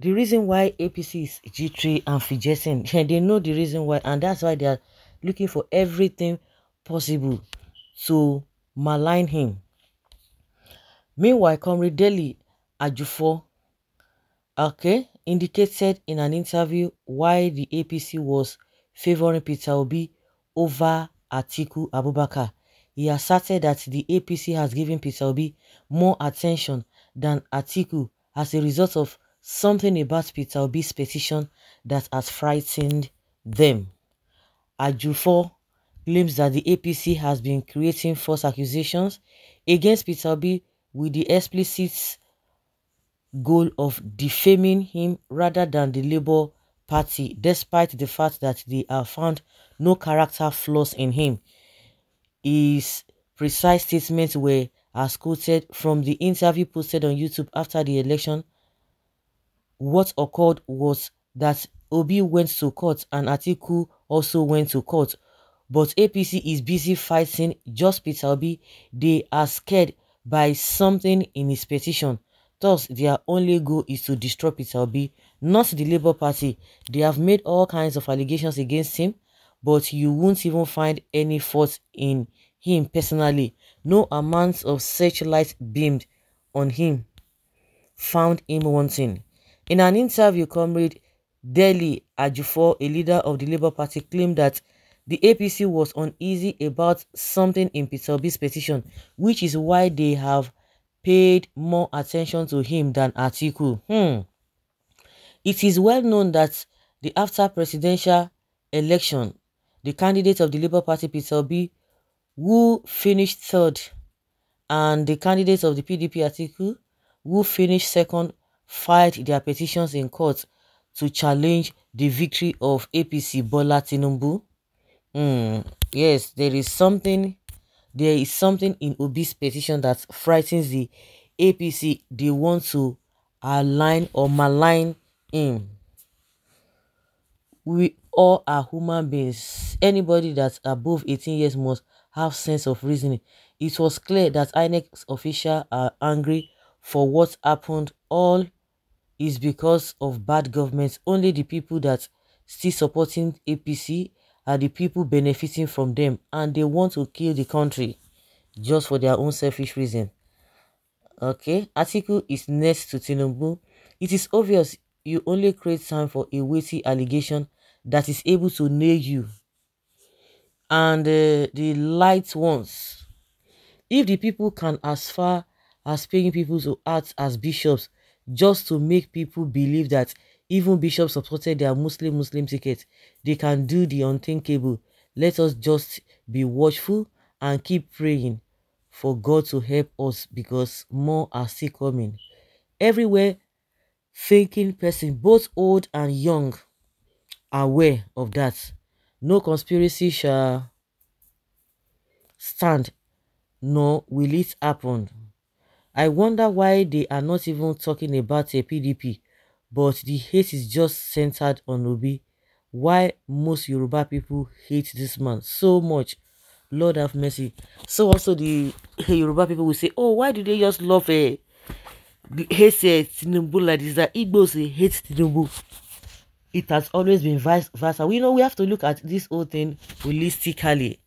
the reason why APC is G3 and Fijesin, they know the reason why, and that's why they are looking for everything possible to malign him. Meanwhile, Comrade Deli Ajufo, okay, indicated in an interview why the APC was favoring Peter Obi over Atiku Abubakar. He asserted that the APC has given Peter Obi more attention than Atiku as a result of Something about Peter Obi's petition that has frightened them. Ajufo claims that the APC has been creating false accusations against Peter Obi with the explicit goal of defaming him rather than the Labour Party, despite the fact that they have found no character flaws in him. His precise statements were as quoted from the interview posted on YouTube after the election what occurred was that Obi went to court and Atiku also went to court, but APC is busy fighting just Peter Obi. They are scared by something in his petition. Thus, their only goal is to destroy Peter Obi, not the Labour Party. They have made all kinds of allegations against him, but you won't even find any fault in him personally. No amount of searchlight beamed on him found him wanting. In an interview, Comrade Dele Ajufor, a leader of the Labour Party, claimed that the APC was uneasy about something in Peter B's petition, which is why they have paid more attention to him than Atiku. Hmm. It is well known that the after presidential election, the candidate of the Labour Party, Peter B, who finished third, and the candidate of the PDP, Atiku, who finished second, filed their petitions in court to challenge the victory of APC Bola Tinubu. Mm, yes, there is something there is something in Obi's petition that frightens the APC. They want to align or malign him. We all are human beings. Anybody that's above 18 years must have sense of reasoning. It was clear that INEC's officials are angry for what happened. All is because of bad government. Only the people that still supporting APC are the people benefiting from them and they want to kill the country just for their own selfish reason. Okay, article is next to Tinubu. It is obvious you only create time for a weighty allegation that is able to nail you and uh, the light ones. If the people can as far as paying people to act as bishops, just to make people believe that even bishops supported their Muslim Muslim ticket. They can do the unthinkable. Let us just be watchful and keep praying for God to help us because more are still coming. Everywhere, thinking person, both old and young, aware of that. No conspiracy shall stand, nor will it happen. I wonder why they are not even talking about a PDP, but the hate is just centered on Obi. Why most Yoruba people hate this man so much. Lord have mercy. So also the Yoruba people will say, oh, why do they just love a eh, hate eh, Tinubu like this? That Igbos hate Tinubu. It has always been vice versa. We know we have to look at this whole thing holistically.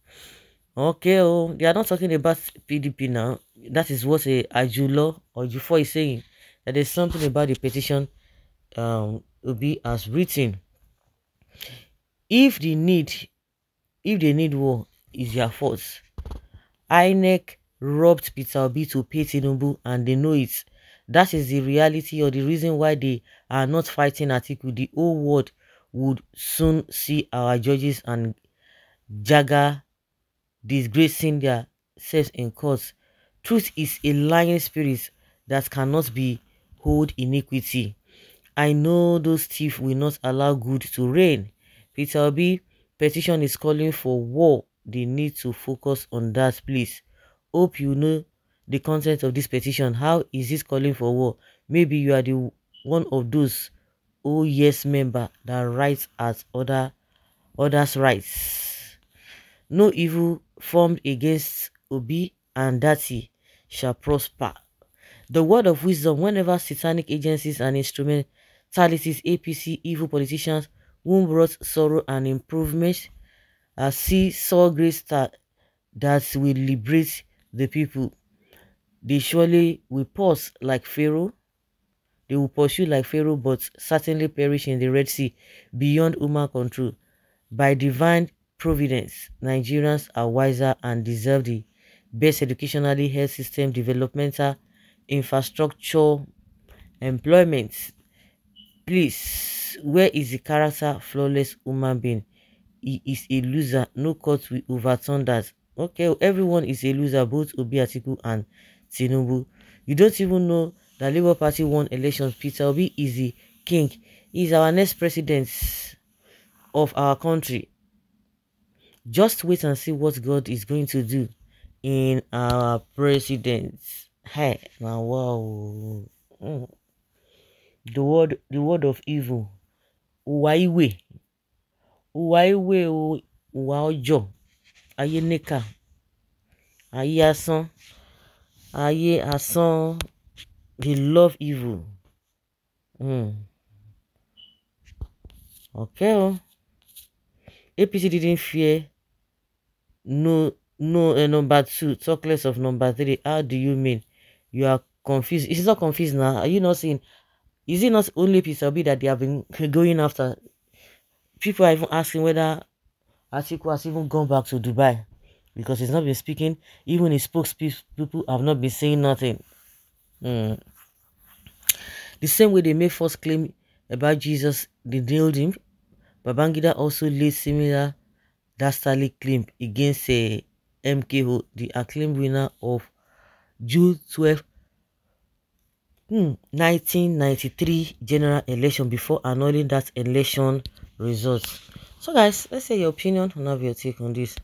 Okay, oh, they are not talking about PDP now that is what a Ajulo or Jufo is saying. That there's something about the petition um, will be as written. If the need, if they need war, is their fault. INEC robbed Peter Obi to pay Tinubu and they know it. That is the reality or the reason why they are not fighting Atiku. The whole world would soon see our judges and Jaga disgracing their selves in court Truth is a lying spirit that cannot be hold iniquity. I know those thieves will not allow good to reign. Peter B. Petition is calling for war. They need to focus on that, please. Hope you know the content of this petition. How is this calling for war? Maybe you are the one of those oh yes member that writes as other others' rights. No evil formed against Obi and Dati shall prosper. The word of wisdom, whenever satanic agencies and instrumentalities, APC, evil politicians, whom brought sorrow and improvement, uh, see saw grace that, that will liberate the people. They surely will pause like Pharaoh. They will pursue like Pharaoh, but certainly perish in the Red Sea beyond human control. By divine providence, Nigerians are wiser and deserve the best educationally health system developmental infrastructure employment please where is the character flawless human being he is a loser no court will overturn that okay everyone is a loser both obi atiku and tinubu you don't even know that labour party won elections peter obi is the king he is our next president of our country just wait and see what god is going to do in our president. hey, now wow. Mm. The word the word of evil. Uwaiwe. Uwaiwe o ìwà ọjọ́. Ayé níkà. Ayé asán. Ayé asán. They love evil. Mm. Okay. Oh. APC didn't fear no No, uh, number two, talk less of number three. How do you mean? You are confused. It's not confused now. Are you not seeing? Is it not only Peter Obi that they have been going after? People are even asking whether Atiku has even gone back to Dubai because he's not been speaking. Even his spokespeople have not been saying nothing. Mm. The same way they made false claim about Jesus, they nailed him. Babangida also laid similar dastardly claim against a eh, MKO, the acclaimed winner of June 12, 1993 hmm, general election before annulling that election results. So guys, let's say your opinion and have your take on this.